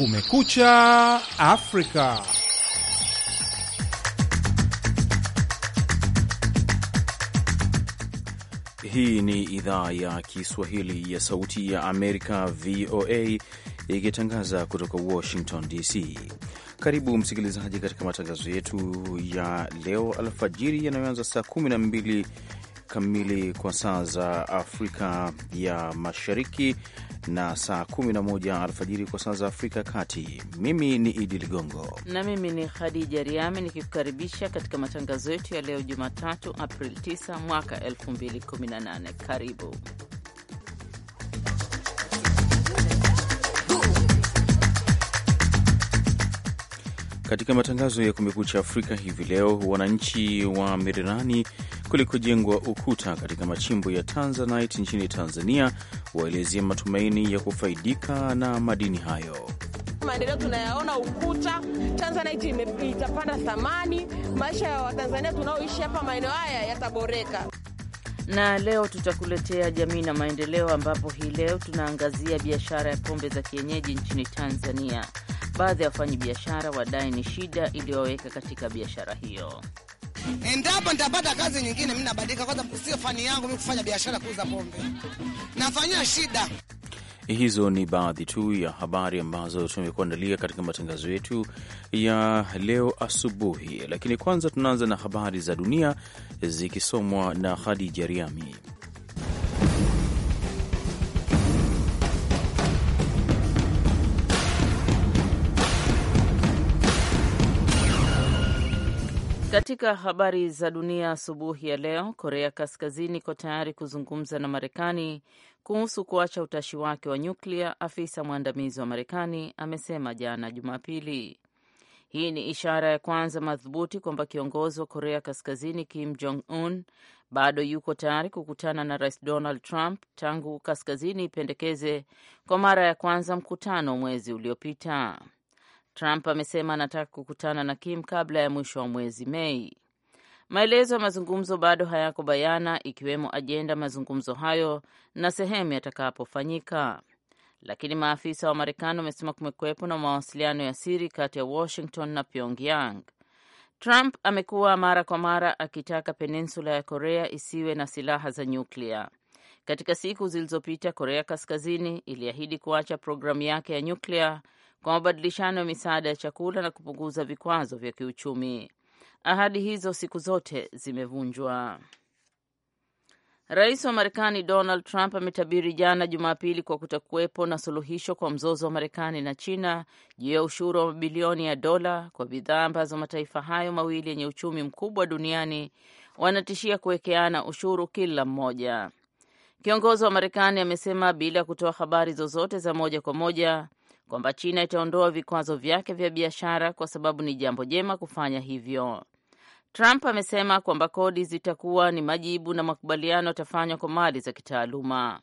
Kumekucha Afrika. Hii ni idhaa ya Kiswahili ya Sauti ya Amerika, VOA, ikitangaza kutoka Washington DC. Karibu msikilizaji katika matangazo yetu ya leo alfajiri yanayoanza saa 12 kamili kwa saa za Afrika ya Mashariki na saa 11 alfajiri kwa saa za Afrika ya Kati. Mimi ni Idi Ligongo na mimi ni Khadija Riami nikikukaribisha katika matangazo yetu ya leo Jumatatu, Aprili 9 mwaka 2018. Karibu katika matangazo ya Kumekucha Afrika hivi leo. Wananchi wa Mererani kulikojengwa ukuta katika machimbo ya tanzanite nchini Tanzania waelezea matumaini ya kufaidika na madini hayo. Maendeleo tunayaona ukuta, tanzanite itapanda thamani, maisha ya Watanzania tunaoishi hapa maeneo haya yataboreka. Na leo tutakuletea jamii na maendeleo, ambapo hii leo tunaangazia biashara ya pombe za kienyeji nchini Tanzania. Baadhi ya biashara wadai ni shida iliyoweka katika biashara hiyo. Endapo nitapata kazi nyingine, mimi nabadilika, kwanza sio fani yangu mimi kufanya biashara kuuza pombe, nafanyia shida. Hizo ni baadhi tu ya habari ambazo tumekuandalia katika matangazo yetu ya leo asubuhi, lakini kwanza tunaanza na habari za dunia zikisomwa na Khadija Riami. Katika habari za dunia asubuhi ya leo, Korea Kaskazini iko tayari kuzungumza na Marekani kuhusu kuacha utashi wake wa nyuklia, afisa mwandamizi wa Marekani amesema jana Jumapili. Hii ni ishara ya kwanza madhubuti kwamba kiongozi wa Korea Kaskazini Kim Jong Un bado yuko tayari kukutana na Rais Donald Trump tangu Kaskazini ipendekeze kwa mara ya kwanza mkutano mwezi uliopita. Trump amesema anataka kukutana na Kim kabla ya mwisho wa mwezi Mei. Maelezo ya mazungumzo bado hayako bayana, ikiwemo ajenda mazungumzo hayo na sehemu yatakapofanyika, lakini maafisa wa Marekani wamesema kumekuwepo na mawasiliano ya siri kati ya Washington na Pyongyang. Trump amekuwa mara kwa mara akitaka peninsula ya Korea isiwe na silaha za nyuklia. Katika siku zilizopita, Korea Kaskazini iliahidi kuacha programu yake ya nyuklia kwa mabadilishano ya misaada ya chakula na kupunguza vikwazo vya kiuchumi. Ahadi hizo siku zote zimevunjwa. Rais wa Marekani Donald Trump ametabiri jana Jumapili kwa kutakuwepo na suluhisho kwa mzozo wa Marekani na China juu ya ushuru wa mabilioni ya dola kwa bidhaa ambazo mataifa hayo mawili yenye uchumi mkubwa duniani wanatishia kuwekeana ushuru kila mmoja. Kiongozi wa Marekani amesema bila kutoa habari zozote za moja kwa moja kwamba China itaondoa vikwazo vyake vya biashara kwa sababu ni jambo jema kufanya hivyo. Trump amesema kwamba kodi zitakuwa ni majibu na makubaliano yatafanywa kwa mali za kitaaluma.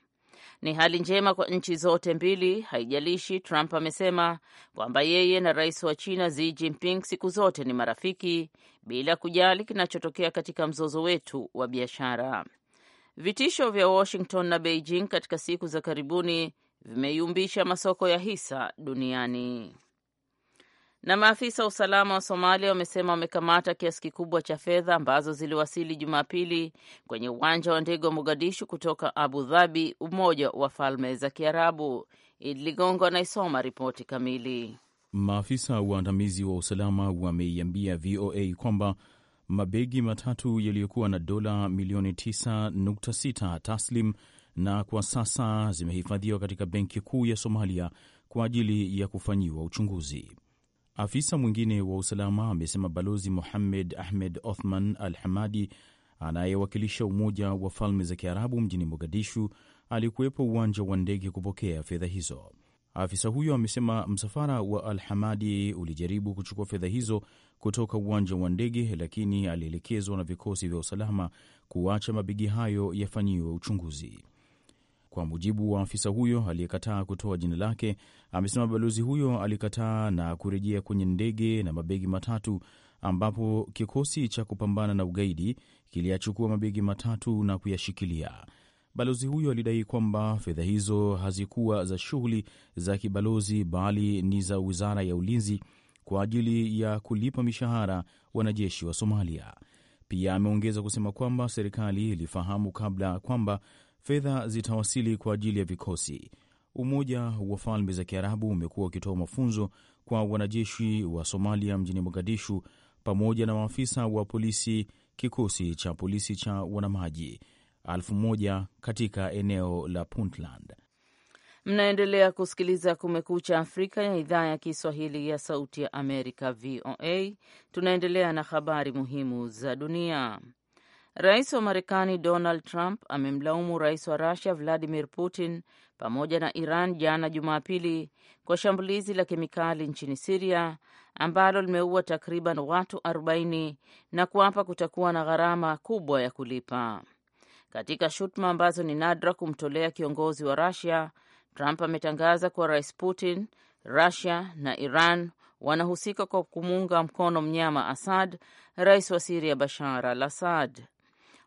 Ni hali njema kwa nchi zote mbili, haijalishi. Trump amesema kwamba yeye na rais wa China Xi Jinping siku zote ni marafiki, bila kujali kinachotokea katika mzozo wetu wa biashara. Vitisho vya Washington na Beijing katika siku za karibuni vimeiumbisha masoko ya hisa duniani. Na maafisa wa usalama wa Somalia wamesema wamekamata kiasi kikubwa cha fedha ambazo ziliwasili Jumapili kwenye uwanja wa ndege wa Mogadishu kutoka Abu Dhabi, Umoja wa Falme za Kiarabu. id Ligongo anaisoma ripoti kamili. Maafisa waandamizi wa usalama wameiambia VOA kwamba mabegi matatu yaliyokuwa na dola milioni 9.6 taslim na kwa sasa zimehifadhiwa katika benki kuu ya Somalia kwa ajili ya kufanyiwa uchunguzi. Afisa mwingine wa usalama amesema Balozi muhammed Ahmed Othman Al Hamadi anayewakilisha Umoja wa Falme za Kiarabu mjini Mogadishu alikuwepo uwanja wa ndege kupokea fedha hizo. Afisa huyo amesema msafara wa Al Hamadi ulijaribu kuchukua fedha hizo kutoka uwanja wa ndege, lakini alielekezwa na vikosi vya usalama kuacha mabegi hayo yafanyiwe uchunguzi. Kwa mujibu wa afisa huyo aliyekataa kutoa jina lake, amesema balozi huyo alikataa na kurejea kwenye ndege na mabegi matatu, ambapo kikosi cha kupambana na ugaidi kiliyachukua mabegi matatu na kuyashikilia. Balozi huyo alidai kwamba fedha hizo hazikuwa za shughuli za kibalozi bali ni za wizara ya ulinzi kwa ajili ya kulipa mishahara wanajeshi wa Somalia. Pia ameongeza kusema kwamba serikali ilifahamu kabla kwamba Fedha zitawasili kwa ajili ya vikosi. Umoja wa Falme za Kiarabu umekuwa ukitoa mafunzo kwa wanajeshi wa Somalia mjini Mogadishu, pamoja na maafisa wa polisi, kikosi cha polisi cha wanamaji elfu moja katika eneo la Puntland. Mnaendelea kusikiliza Kumekucha Afrika ya idhaa ya Kiswahili ya Sauti ya Amerika, VOA. Tunaendelea na habari muhimu za dunia. Rais wa Marekani Donald Trump amemlaumu rais wa Rusia Vladimir Putin pamoja na Iran jana Jumapili kwa shambulizi la kemikali nchini Siria ambalo limeua takriban watu 40 na kuapa kutakuwa na gharama kubwa ya kulipa. Katika shutuma ambazo ni nadra kumtolea kiongozi wa Rusia, Trump ametangaza kuwa rais Putin, Rusia na Iran wanahusika kwa kumuunga mkono mnyama Assad, rais wa Siria Bashar al Assad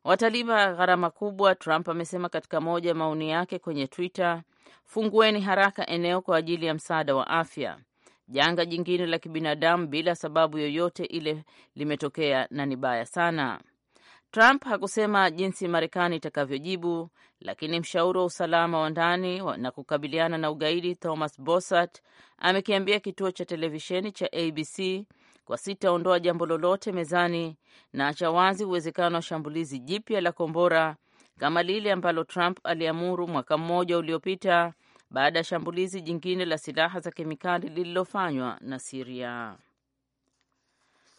watalipa gharama kubwa, Trump amesema katika moja ya maoni yake kwenye Twitter. Fungueni haraka eneo kwa ajili ya msaada wa afya. Janga jingine la kibinadamu bila sababu yoyote ile limetokea na ni baya sana. Trump hakusema jinsi Marekani itakavyojibu, lakini mshauri wa usalama wa ndani na kukabiliana na ugaidi Thomas Bossert amekiambia kituo cha televisheni cha ABC kwa sitaondoa jambo lolote mezani na acha wazi uwezekano wa shambulizi jipya la kombora kama lile ambalo Trump aliamuru mwaka mmoja uliopita baada ya shambulizi jingine la silaha za kemikali lililofanywa na Siria.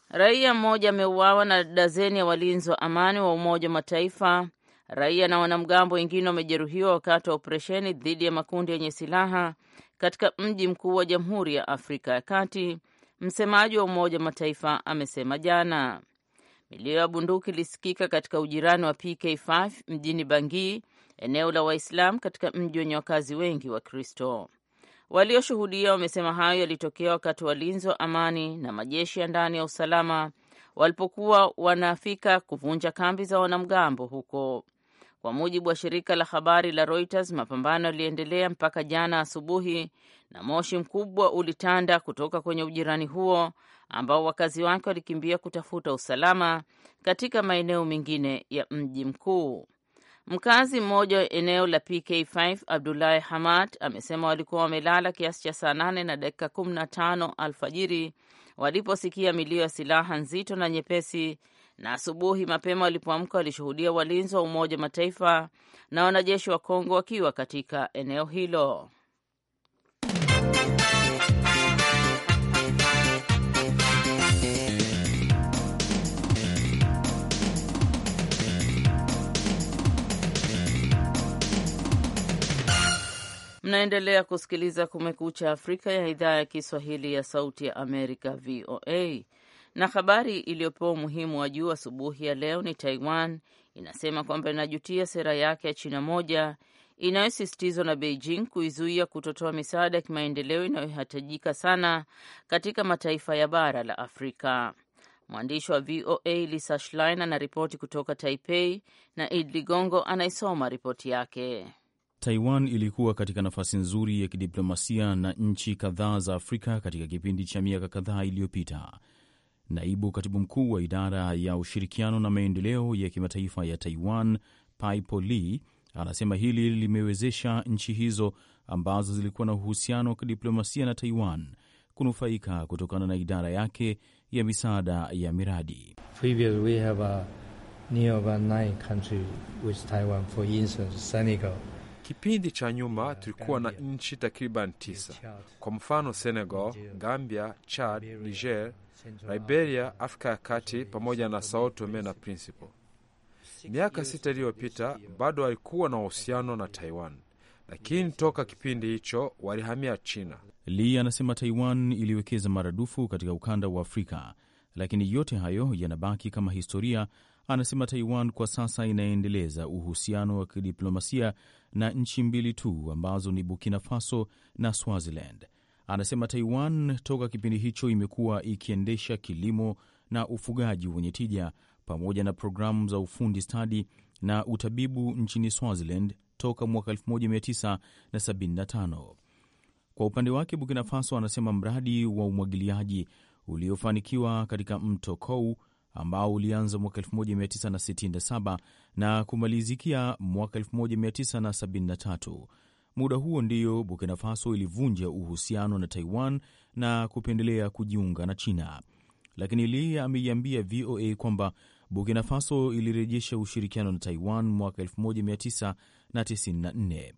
Raia mmoja ameuawa na dazeni ya walinzi wa amani wa Umoja wa Mataifa. Raia na wanamgambo wengine wamejeruhiwa wakati wa operesheni dhidi ya makundi yenye silaha katika mji mkuu wa Jamhuri ya Afrika ya Kati msemaji wa Umoja wa Mataifa amesema jana. Milio ya bunduki ilisikika katika ujirani wa PK5 mjini Bangui, eneo la Waislam katika mji wenye wakazi wengi wa Kristo. Walioshuhudia wamesema hayo yalitokea wakati walinzi wa amani na majeshi ya ndani ya usalama walipokuwa wanafika kuvunja kambi za wanamgambo huko. Kwa mujibu wa shirika la habari la Reuters, mapambano yaliendelea mpaka jana asubuhi na moshi mkubwa ulitanda kutoka kwenye ujirani huo ambao wakazi wake walikimbia kutafuta usalama katika maeneo mengine ya mji mkuu. Mkazi mmoja wa eneo la PK5 Abdulahi Hamad amesema walikuwa wamelala kiasi cha saa nane na dakika kumi na tano alfajiri waliposikia milio ya silaha nzito na nyepesi, na asubuhi mapema walipoamka walishuhudia walinzi wa Umoja Mataifa na wanajeshi wa Kongo wakiwa katika eneo hilo. Mnaendelea kusikiliza Kumekucha Afrika ya idhaa ya Kiswahili ya Sauti ya Amerika, VOA. Na habari iliyopewa umuhimu wa juu asubuhi ya leo ni Taiwan inasema kwamba inajutia sera yake ya China moja inayosisitizwa na Beijing kuizuia kutotoa misaada ya kimaendeleo inayohitajika sana katika mataifa ya bara la Afrika. Mwandishi wa VOA Lisa Schlein anaripoti kutoka Taipei na Id Ligongo anaisoma ripoti yake. Taiwan ilikuwa katika nafasi nzuri ya kidiplomasia na nchi kadhaa za Afrika katika kipindi cha miaka kadhaa iliyopita. Naibu katibu mkuu wa idara ya ushirikiano na maendeleo ya kimataifa ya Taiwan, Paipo Lee, anasema hili limewezesha nchi hizo ambazo zilikuwa na uhusiano wa kidiplomasia na Taiwan kunufaika kutokana na idara yake ya misaada ya miradi. Previous, Kipindi cha nyuma tulikuwa na nchi takriban tisa, kwa mfano Senegal, Gambia, Chad, Niger, Liberia, Afrika ya Kati pamoja na Sao Tome na Principe. Miaka sita iliyopita bado walikuwa na uhusiano na Taiwan, lakini toka kipindi hicho walihamia China. Lee anasema Taiwan iliwekeza maradufu katika ukanda wa Afrika, lakini yote hayo yanabaki kama historia. Anasema Taiwan kwa sasa inaendeleza uhusiano wa kidiplomasia na nchi mbili tu ambazo ni Burkina Faso na Swaziland. Anasema Taiwan toka kipindi hicho imekuwa ikiendesha kilimo na ufugaji wenye tija pamoja na programu za ufundi stadi na utabibu nchini Swaziland toka mwaka 1975. Kwa upande wake Burkina Faso anasema mradi wa umwagiliaji uliofanikiwa katika mto Kou ambao ulianza mwaka 1967 na kumalizikia mwaka 1973. Muda huo ndiyo Burkina Faso ilivunja uhusiano na Taiwan na kupendelea kujiunga na China, lakini Lee ameiambia VOA kwamba Burkina Faso ilirejesha ushirikiano na Taiwan mwaka 1994.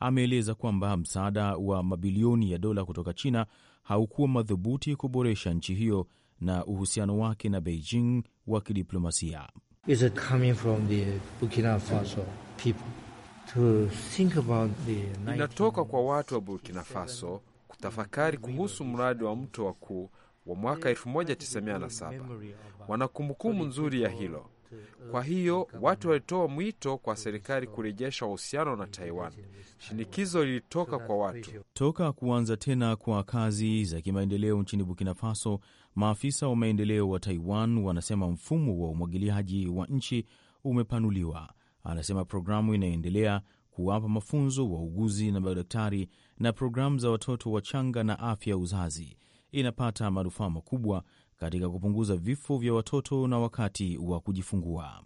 Ameeleza kwamba msaada wa mabilioni ya dola kutoka China haukuwa madhubuti kuboresha nchi hiyo na uhusiano wake na Beijing wa kidiplomasia. Inatoka kwa watu wa Burkina Faso kutafakari kuhusu mradi wa mto wakuu wa mwaka 1907 wana kumbukumbu nzuri ya hilo. Kwa hiyo watu walitoa mwito kwa serikali kurejesha uhusiano na Taiwan. Shinikizo lilitoka kwa watu. Toka kuanza tena kwa kazi za kimaendeleo nchini Burkina Faso, Maafisa wa maendeleo wa Taiwan wanasema mfumo wa umwagiliaji wa nchi umepanuliwa. Anasema programu inayoendelea kuwapa mafunzo wauguzi na madaktari, na programu za watoto wachanga na afya uzazi inapata manufaa makubwa katika kupunguza vifo vya watoto na wakati wa kujifungua.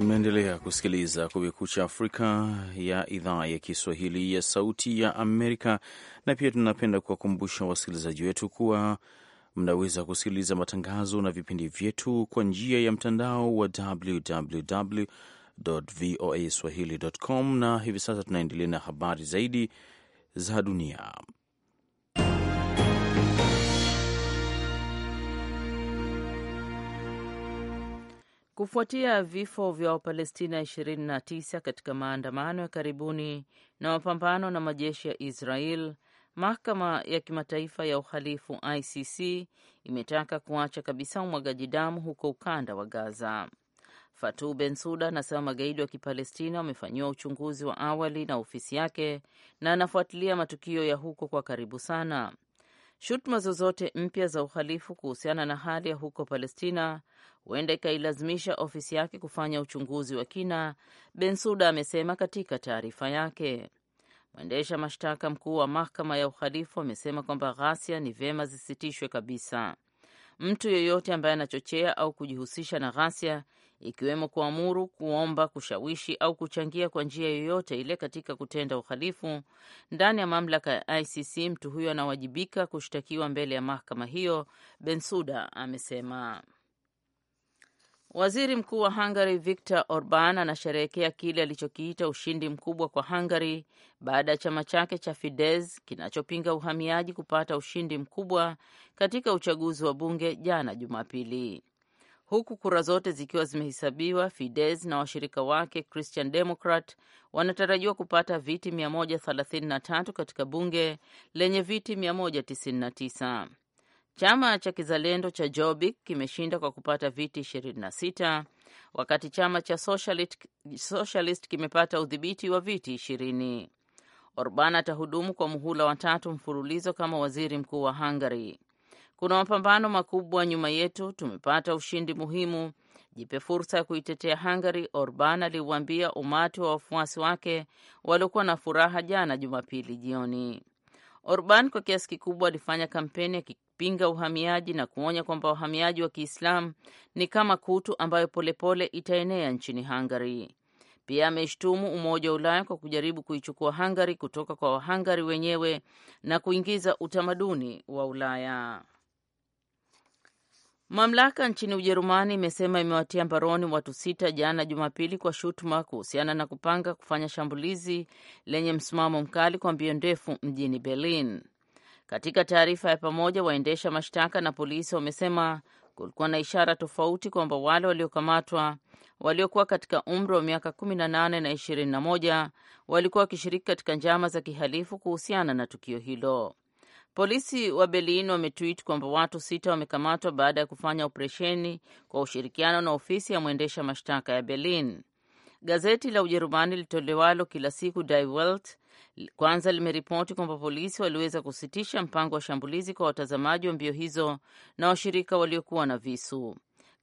Mnaendelea kusikiliza Kumekucha Afrika ya idhaa ya Kiswahili ya Sauti ya Amerika, na pia tunapenda kuwakumbusha wasikilizaji wetu kuwa mnaweza kusikiliza matangazo na vipindi vyetu kwa njia ya mtandao wa www voa swahili com, na hivi sasa tunaendelea na habari zaidi za dunia. kufuatia vifo vya Wapalestina 29 katika maandamano ya karibuni na mapambano na majeshi ya Israel. Mahakama ya Kimataifa ya Uhalifu ICC imetaka kuacha kabisa umwagaji damu huko ukanda wa Gaza. Ben Suda anasema magaidi wa Kipalestina wamefanyiwa uchunguzi wa awali na ofisi yake na anafuatilia matukio ya huko kwa karibu sana. Shutuma zozote mpya za uhalifu kuhusiana na hali ya huko Palestina huenda ikailazimisha ofisi yake kufanya uchunguzi wa kina, Bensuda amesema katika taarifa yake. Mwendesha mashtaka mkuu wa mahakama ya uhalifu amesema kwamba ghasia ni vyema zisitishwe kabisa. Mtu yeyote ambaye anachochea au kujihusisha na ghasia ikiwemo kuamuru, kuomba, kushawishi au kuchangia kwa njia yoyote ile katika kutenda uhalifu ndani ya mamlaka ya ICC, mtu huyo anawajibika kushtakiwa mbele ya mahakama hiyo, Bensuda amesema. Waziri Mkuu wa Hungary Viktor Orban anasherehekea kile alichokiita ushindi mkubwa kwa Hungary baada ya chama chake cha Fidesz kinachopinga uhamiaji kupata ushindi mkubwa katika uchaguzi wa bunge jana Jumapili huku kura zote zikiwa zimehesabiwa. Fidesz na washirika wake Christian Democrat wanatarajiwa kupata viti 133 katika bunge lenye viti 199. Chama cha kizalendo cha Jobbik kimeshinda kwa kupata viti 26 wakati chama cha Socialist, Socialist kimepata udhibiti wa viti 20. Orban atahudumu kwa muhula watatu mfululizo kama waziri mkuu wa Hungary. Kuna mapambano makubwa nyuma yetu, tumepata ushindi muhimu. Jipe fursa ya kuitetea Hungary, Orban aliuambia umati wa wafuasi wake waliokuwa na furaha jana Jumapili jioni. Orban kwa kiasi kikubwa alifanya kampeni akipinga uhamiaji na kuonya kwamba wahamiaji wa Kiislamu ni kama kutu ambayo polepole pole itaenea nchini Hungary. Pia ameshtumu Umoja wa Ulaya kwa kujaribu kuichukua Hungary kutoka kwa Wahungary wenyewe na kuingiza utamaduni wa Ulaya. Mamlaka nchini Ujerumani imesema imewatia mbaroni watu sita jana Jumapili kwa shutuma kuhusiana na kupanga kufanya shambulizi lenye msimamo mkali kwa mbio ndefu mjini Berlin. Katika taarifa ya pamoja, waendesha mashtaka na polisi wamesema kulikuwa na ishara tofauti kwamba wale waliokamatwa waliokuwa katika umri wa miaka 18 na 21 walikuwa wakishiriki katika njama za kihalifu kuhusiana na tukio hilo. Polisi wa Berlin wametwit kwamba watu sita wamekamatwa baada ya kufanya operesheni kwa ushirikiano na ofisi ya mwendesha mashtaka ya Berlin. Gazeti la Ujerumani litolewalo kila siku Die Welt kwanza limeripoti kwamba polisi waliweza kusitisha mpango wa shambulizi kwa watazamaji wa mbio hizo na washirika waliokuwa na visu.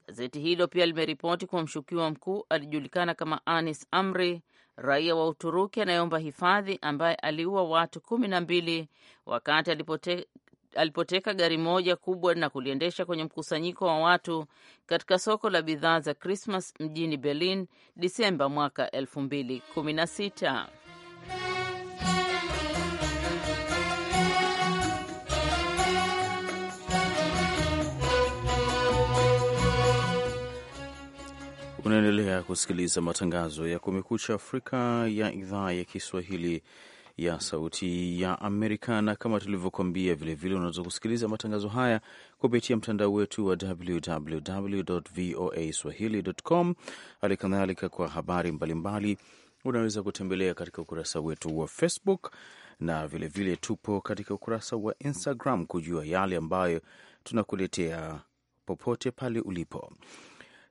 Gazeti hilo pia limeripoti kuwa mshukiwa mkuu alijulikana kama Anis Amri raia wa Uturuki anayeomba hifadhi ambaye aliua watu kumi na mbili wakati alipote, alipoteka gari moja kubwa na kuliendesha kwenye mkusanyiko wa watu katika soko la bidhaa za Krismas mjini Berlin Disemba mwaka sita. Unaendelea kusikiliza matangazo ya Kumekucha Afrika ya idhaa ya Kiswahili ya Sauti ya Amerika, na kama tulivyokuambia, vilevile unaweza kusikiliza matangazo haya kupitia mtandao wetu wa www voa swahili.com. Hali kadhalika kwa habari mbalimbali mbali, unaweza kutembelea katika ukurasa wetu wa Facebook na vilevile vile tupo katika ukurasa wa Instagram kujua yale ambayo tunakuletea popote pale ulipo.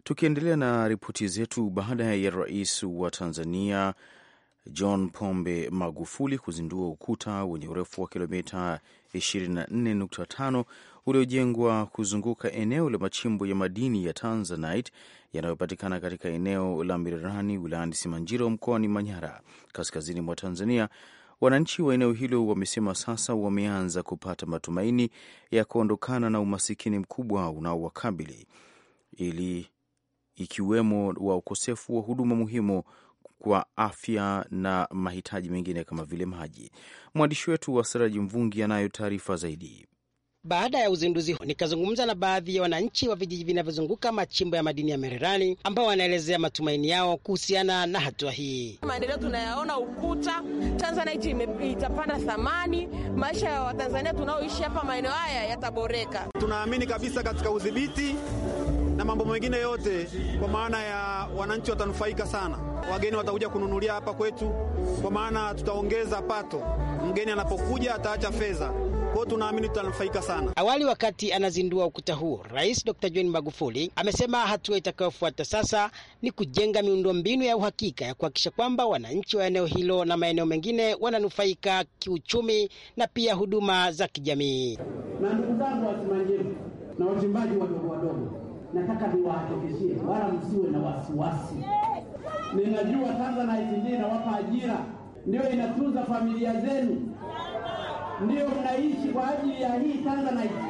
Tukiendelea na ripoti zetu, baada ya rais wa Tanzania John Pombe Magufuli kuzindua ukuta wenye urefu wa kilomita 24.5 uliojengwa kuzunguka eneo la machimbo ya madini ya Tanzanite yanayopatikana katika eneo la mirirani wilayani Simanjiro mkoani Manyara kaskazini mwa Tanzania. Wananchi wa eneo hilo wamesema sasa wameanza kupata matumaini ya kuondokana na umasikini mkubwa unaowakabili ili ikiwemo wa ukosefu wa huduma muhimu kwa afya na mahitaji mengine kama vile maji. Mwandishi wetu wa Saraji Mvungi anayo taarifa zaidi. Baada ya uzinduzi nikazungumza na baadhi ya wananchi wa vijiji vinavyozunguka machimbo ya madini ya Mererani ambao wanaelezea matumaini yao kuhusiana na hatua hii. Maendeleo tunayaona, ukuta tanzanite itapanda thamani, maisha ya Watanzania tunaoishi hapa maeneo haya yataboreka. Tunaamini kabisa katika udhibiti na mambo mengine yote, kwa maana ya wananchi watanufaika sana. Wageni watakuja kununulia hapa kwetu, kwa maana tutaongeza pato. Mgeni anapokuja ataacha fedha kwao, tunaamini tutanufaika sana. Awali, wakati anazindua ukuta huo Rais Dr. John Magufuli amesema hatua itakayofuata sasa ni kujenga miundombinu ya uhakika ya kuhakikisha kwamba wananchi wa eneo hilo na maeneo mengine wananufaika kiuchumi na pia huduma za kijamii. Na ndugu zangu wasimamizi na wachimbaji wadogo wadogo nataka niwahakikishie, wala msiwe na wasiwasi. Ninajua Tanzanite ndio inawapa ajira, ndio inatunza familia zenu, ndio mnaishi kwa ajili ya hii Tanzanite.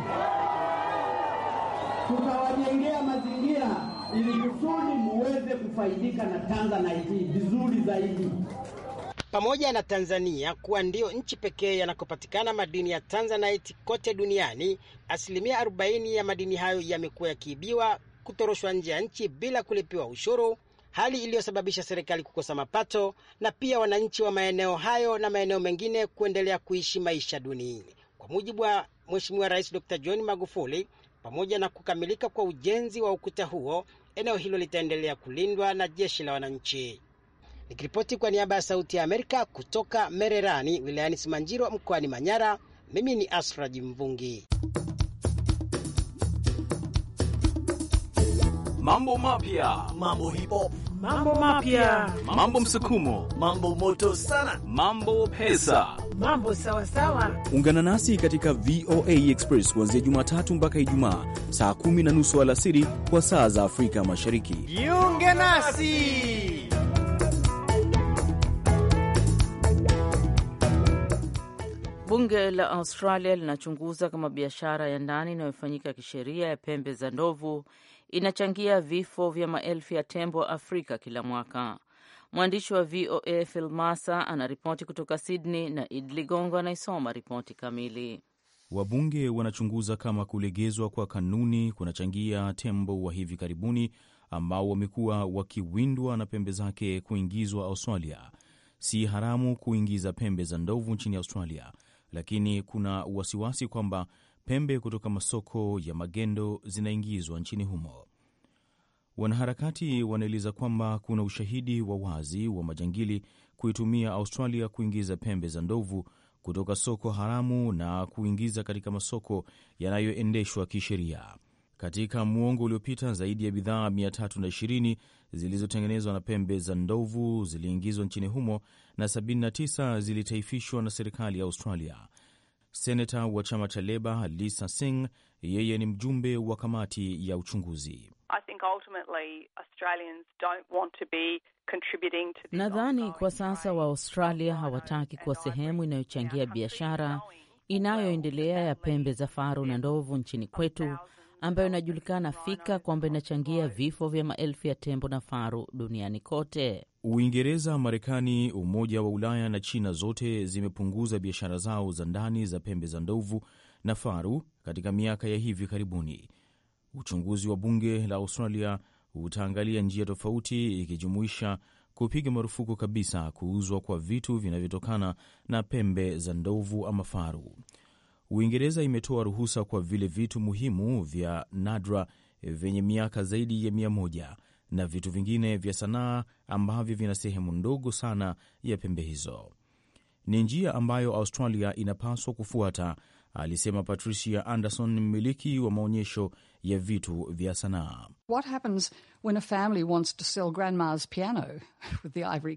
Tutawajengea mazingira ili kusudi muweze kufaidika na Tanzanite vizuri zaidi. Pamoja na Tanzania kuwa ndiyo nchi pekee yanakopatikana madini ya Tanzanite kote duniani, asilimia 40 ya madini hayo yamekuwa yakiibiwa, kutoroshwa nje ya nchi bila kulipiwa ushuru, hali iliyosababisha serikali kukosa mapato na pia wananchi wa maeneo hayo na maeneo mengine kuendelea kuishi maisha duni. Kwa mujibu wa Mheshimiwa Rais Dr. John Magufuli, pamoja na kukamilika kwa ujenzi wa ukuta huo, eneo hilo litaendelea kulindwa na jeshi la wananchi. Nikiripoti kwa niaba ya Sauti ya Amerika kutoka Mererani wilayani Simanjiro mkoani Manyara, mimi ni Asraji Mvungi. Mambo mapya, mambo hipo, mambo mapya, mambo msukumo, mambo moto sana, mambo pesa, mambo sawasawa. Ungana nasi katika VOA Express kuanzia Jumatatu mpaka Ijumaa saa kumi na nusu alasiri kwa saa za Afrika Mashariki. Jiunge nasi. Bunge la Australia linachunguza kama biashara ya ndani inayofanyika kisheria ya pembe za ndovu inachangia vifo vya maelfu ya tembo wa Afrika kila mwaka. Mwandishi wa VOA Phil Massa anaripoti kutoka Sydney na Id Ligongo anaisoma ripoti kamili. Wabunge wanachunguza kama kulegezwa kwa kanuni kunachangia tembo wa hivi karibuni ambao wamekuwa wakiwindwa na pembe zake kuingizwa Australia. Si haramu kuingiza pembe za ndovu nchini Australia, lakini kuna wasiwasi kwamba pembe kutoka masoko ya magendo zinaingizwa nchini humo. Wanaharakati wanaeleza kwamba kuna ushahidi wa wazi wa majangili kuitumia Australia kuingiza pembe za ndovu kutoka soko haramu na kuingiza katika masoko yanayoendeshwa kisheria. Katika muongo uliopita zaidi ya bidhaa 320 zilizotengenezwa na pembe za ndovu ziliingizwa nchini humo na 79 zilitaifishwa na serikali ya Australia. Senata wa chama cha Leba Lisa Singh, yeye ni mjumbe wa kamati ya uchunguzi. Nadhani kwa sasa Waaustralia hawataki kuwa sehemu inayochangia biashara inayoendelea ya pembe za faru na ndovu nchini kwetu ambayo inajulikana fika kwamba inachangia vifo vya maelfu ya tembo na faru duniani kote. Uingereza, Marekani, Umoja wa Ulaya na China zote zimepunguza biashara zao za ndani za pembe za ndovu na faru katika miaka ya hivi karibuni. Uchunguzi wa bunge la Australia utaangalia njia tofauti ikijumuisha kupiga marufuku kabisa kuuzwa kwa vitu vinavyotokana na pembe za ndovu ama faru. Uingereza imetoa ruhusa kwa vile vitu muhimu vya nadra vyenye miaka zaidi ya mia moja na vitu vingine vya sanaa ambavyo vina sehemu ndogo sana ya pembe hizo. Ni njia ambayo Australia inapaswa kufuata alisema Patricia Anderson ni mmiliki wa maonyesho ya vitu vya sanaa.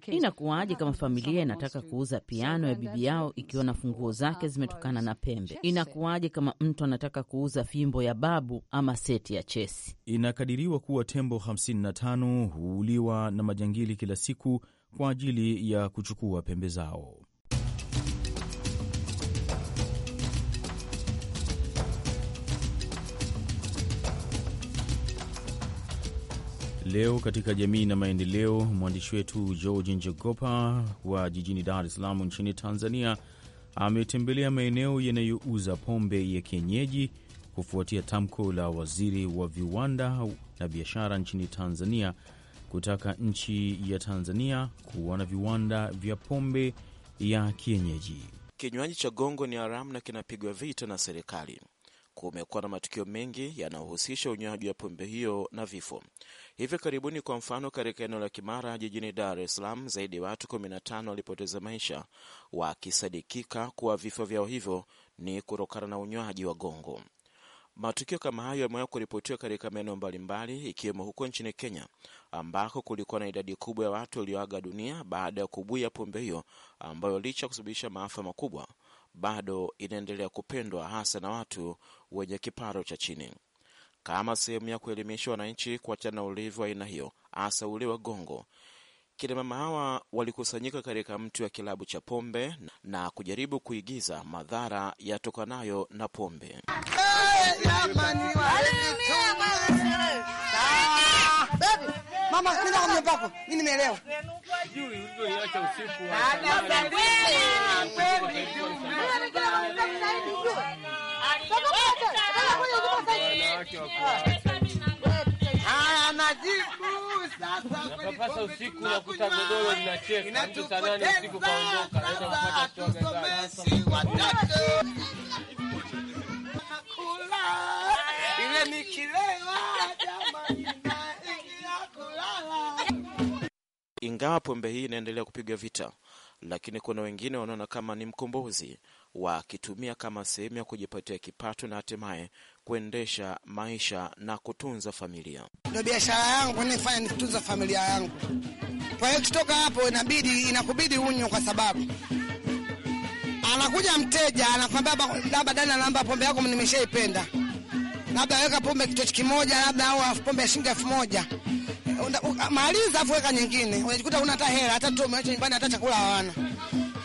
Inakuwaje kama familia inataka kuuza piano ya bibi yao ikiwa na funguo zake zimetokana na pembe? Inakuwaje kama mtu anataka kuuza fimbo ya babu ama seti ya chesi? Inakadiriwa kuwa tembo 55 huuliwa na majangili kila siku kwa ajili ya kuchukua pembe zao. Leo katika jamii na maendeleo, mwandishi wetu George Njogopa wa jijini Dar es Salaam nchini Tanzania ametembelea maeneo yanayouza pombe ya kienyeji kufuatia tamko la waziri wa viwanda na biashara nchini Tanzania kutaka nchi ya Tanzania kuwa na viwanda vya pombe ya kienyeji. Kinywaji cha gongo ni haramu na kinapigwa vita na serikali. Kumekuwa na matukio mengi yanayohusisha unywaji wa pombe hiyo na vifo. Hivi karibuni, kwa mfano, katika eneo la Kimara jijini Dar es Salaam, zaidi ya watu 15 walipoteza maisha, wakisadikika kuwa vifo vyao hivyo ni kutokana na unywaji wa gongo. Matukio kama hayo yamewahi kuripotiwa katika maeneo mbalimbali ikiwemo huko nchini Kenya ambako kulikuwa na idadi kubwa ya watu walioaga dunia baada ya kubuia pombe hiyo ambayo licha ya kusababisha maafa makubwa bado inaendelea kupendwa hasa na watu wenye kiparo cha chini kama sehemu ya kuelimisha wananchi kuachana na ulevi wa aina hiyo, hasa ule wa gongo. Kina mama hawa walikusanyika katika mti wa kilabu cha pombe na kujaribu kuigiza madhara yatokanayo na pombe. Haya majibu sasa, godoro mtu saa nane usiku kaondoka, kupata ingawa pombe hii inaendelea kupiga vita lakini kuna wengine wanaona kama ni mkombozi, wakitumia kama sehemu ya kujipatia kipato na hatimaye kuendesha maisha na kutunza familia. Ndio biashara yangu kunifanya ni kutunza familia yangu. Kwa hiyo kitoka hapo, inabidi inakubidi unywe, kwa sababu anakuja mteja anakwambia, labda Dani, namba pombe yako nimeshaipenda, labda weka pombe kitochi kimoja, labda au pombe ya shilingi elfu moja maliza afu weka nyingine, unajikuta una hata hela hata mtu umeacha nyumbani hata chakula hawana.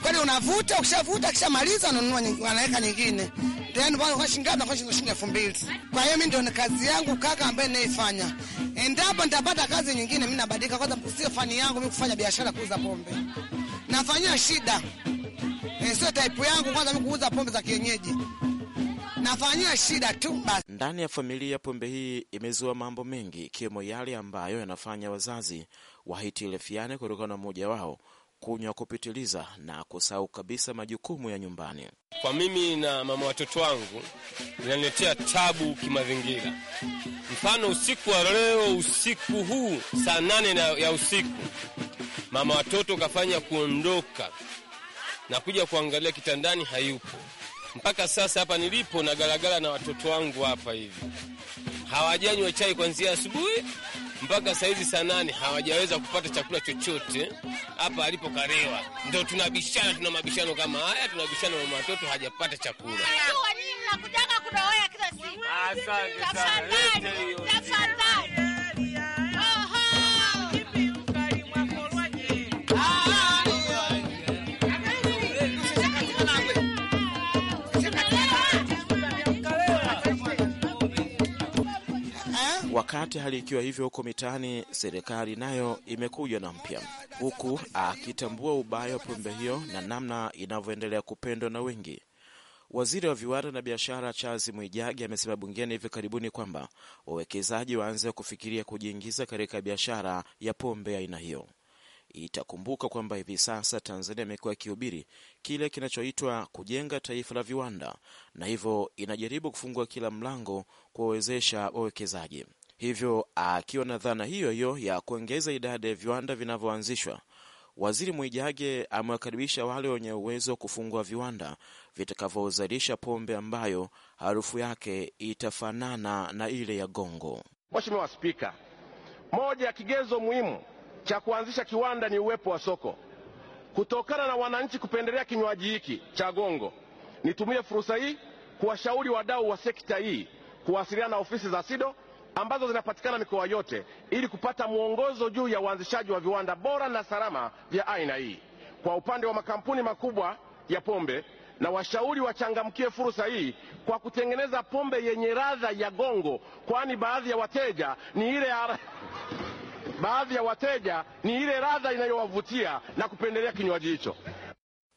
Kwani unavuta, ukishavuta kishamaliza unanunua nyingine, anaweka nyingine then bwana kwa shilingi ngapi? Kwa shilingi elfu mbili. Kwa hiyo mimi ndio kazi yangu kaka, ambaye ninaifanya. Endapo nitapata kazi nyingine, mimi nabadilika. Kwanza sio fani yangu mimi kufanya biashara kuuza pombe, nafanyia shida, eh, sio type yangu. Kwanza mimi kuuza pombe za kienyeji nafanyia shida tu basi. Ndani ya familia, pombe hii imezua mambo mengi, ikiwemo yale ambayo yanafanya wazazi wahitilafiane kutokana na mmoja wao kunywa kupitiliza na kusahau kabisa majukumu ya nyumbani. Kwa mimi na mama watoto wangu inaniletea tabu kimazingira. Mfano, usiku wa leo, usiku huu saa nane ya usiku, mama watoto kafanya kuondoka na kuja kuangalia kitandani, hayupo mpaka sasa hapa nilipo na galagala na watoto wangu hapa hivi hawajanywa chai kwanzia asubuhi mpaka saizi saa nane hawajaweza kupata chakula chochote hapa alipo Karewa. Ndo tunabishana, tuna mabishano kama haya, tunabishana na watoto hajapata chakula. Tafadhali, tafadhali. Wakati hali ikiwa hivyo huko mitaani, serikali nayo imekuja na mpya, huku akitambua ubaya wa pombe hiyo na namna inavyoendelea kupendwa na wengi. Waziri wa viwanda na biashara Charles Mwijage amesema bungeni hivi karibuni kwamba wawekezaji waanze kufikiria kujiingiza katika biashara ya pombe aina hiyo. Itakumbuka kwamba hivi sasa Tanzania imekuwa ikihubiri kile kinachoitwa kujenga taifa la viwanda, na hivyo inajaribu kufungua kila mlango kuwawezesha wawekezaji. Hivyo akiwa na dhana hiyo hiyo ya kuongeza idadi ya viwanda vinavyoanzishwa, Waziri Mwijage amewakaribisha wale wenye uwezo wa kufungua viwanda vitakavyozalisha pombe ambayo harufu yake itafanana na ile ya gongo. Mheshimiwa Spika, moja ya kigezo muhimu cha kuanzisha kiwanda ni uwepo wa soko. Kutokana na wananchi kupendelea kinywaji hiki cha gongo, nitumie fursa hii kuwashauri wadau wa sekta hii kuwasiliana na ofisi za SIDO ambazo zinapatikana mikoa yote ili kupata mwongozo juu ya uanzishaji wa viwanda bora na salama vya aina hii. Kwa upande wa makampuni makubwa ya pombe, na washauri wachangamkie fursa hii kwa kutengeneza pombe yenye ladha ya gongo, kwani baadhi ya wateja ni ile ar... baadhi ya wateja ni ile ladha inayowavutia na kupendelea kinywaji hicho.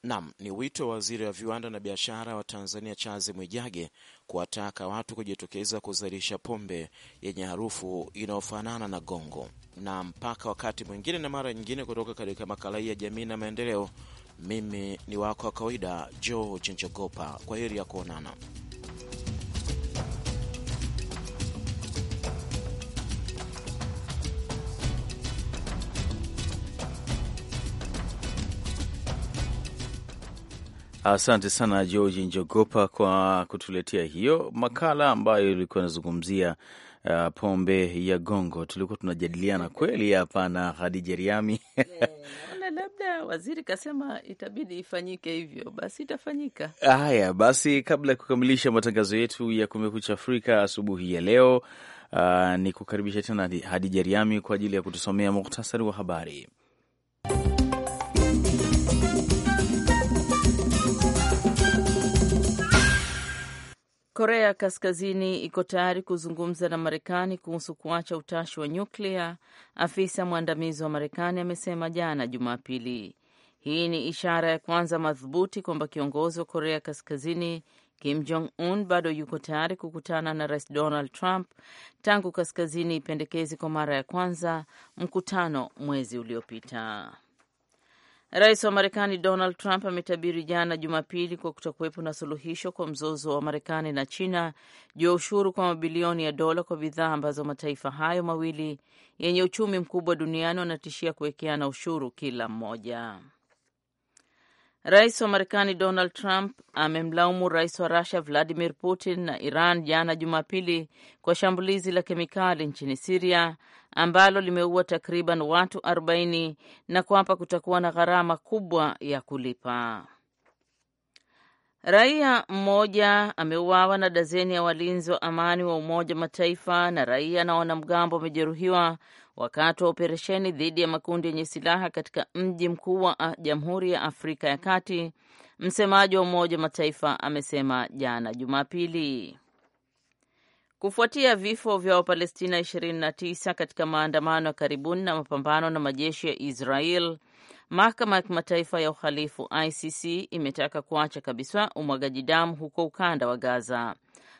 Nam ni wito wa waziri wa viwanda na biashara wa Tanzania Charles Mwijage kuwataka watu kujitokeza kuzalisha pombe yenye harufu inayofanana na gongo. Na mpaka wakati mwingine na mara nyingine, kutoka katika makala hii ya jamii na maendeleo, mimi ni wako wa kawaida George Njogopa. Kwa heri ya kuonana. Asante sana George Njogopa kwa kutuletea hiyo makala ambayo ilikuwa inazungumzia Uh, pombe ya gongo tulikuwa tunajadiliana kweli hapa na hadija Riami. Yeah, labda waziri kasema itabidi ifanyike hivyo, basi itafanyika. Haya basi, kabla ya kukamilisha matangazo yetu ya Kumekucha Afrika asubuhi ya leo, uh, ni kukaribisha tena hadija Riami kwa ajili ya kutusomea muhtasari wa habari. Korea Kaskazini iko tayari kuzungumza na Marekani kuhusu kuacha utashi wa nyuklia, afisa mwandamizi wa Marekani amesema jana Jumapili. Hii ni ishara ya kwanza madhubuti kwamba kiongozi wa Korea Kaskazini Kim Jong Un bado yuko tayari kukutana na Rais Donald Trump tangu Kaskazini ipendekezi kwa mara ya kwanza mkutano mwezi uliopita. Rais wa Marekani Donald Trump ametabiri jana Jumapili kwa kutokuwepo na suluhisho kwa mzozo wa Marekani na China juu ya ushuru kwa mabilioni ya dola kwa bidhaa ambazo mataifa hayo mawili yenye uchumi mkubwa duniani wanatishia kuwekeana ushuru kila mmoja. Rais wa Marekani Donald Trump amemlaumu rais wa Rusia Vladimir Putin na Iran jana Jumapili kwa shambulizi la kemikali nchini Siria ambalo limeua takriban watu 40 na kwamba kutakuwa na gharama kubwa ya kulipa. Raia mmoja ameuawa na dazeni ya walinzi wa amani wa Umoja wa Mataifa na raia na wanamgambo wamejeruhiwa wakati wa operesheni dhidi ya makundi yenye silaha katika mji mkuu wa ah, Jamhuri ya Afrika ya Kati, msemaji wa Umoja wa Mataifa amesema jana Jumapili kufuatia vifo vya Wapalestina 29 katika maandamano ya karibuni na mapambano na majeshi ya Israel. Mahakama ya Kimataifa ya Uhalifu ICC imetaka kuacha kabisa umwagaji damu huko ukanda wa Gaza.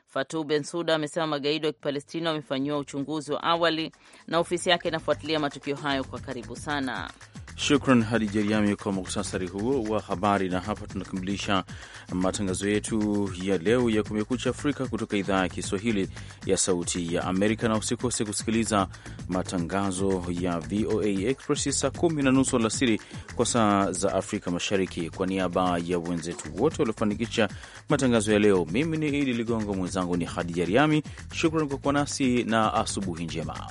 Fatu bensuda amesema magaidi wa Kipalestina wamefanyiwa uchunguzi wa awali na ofisi yake inafuatilia matukio hayo kwa karibu sana. Shukran hadi Jeriami kwa muktasari huo wa habari, na hapa tunakamilisha matangazo yetu ya leo ya Kumekucha Afrika kutoka idhaa ya Kiswahili ya Sauti ya Amerika, na usikose kusikiliza matangazo ya VOA Express saa kumi na nusu alasiri kwa saa za Afrika Mashariki. Kwa niaba ya wenzetu wote waliofanikisha matangazo ya leo, mimi ni Idi Ligongo, mwenzangu ni Hadi riami Shukran kwa kuwa nasi na asubuhi njema.